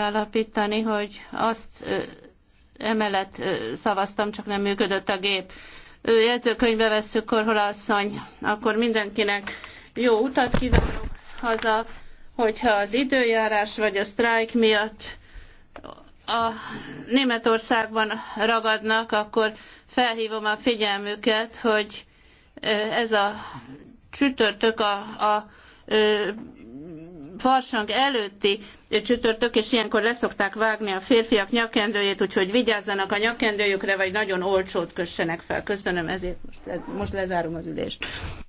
megállapítani, hogy azt emelet szavaztam, csak nem működött a gép. Jegyzőkönyvbe vesszük Korhola asszony, akkor mindenkinek jó utat kívánok haza, hogyha az időjárás vagy a sztrájk miatt a Németországban ragadnak, akkor felhívom a figyelmüket, hogy ez a csütörtök a, a farsang előtti csütörtök, és ilyenkor leszokták vágni a férfiak nyakkendőjét, úgyhogy vigyázzanak a nyakkendőjükre, vagy nagyon olcsót kössenek fel. Köszönöm, ezért most, le, most lezárom az ülést.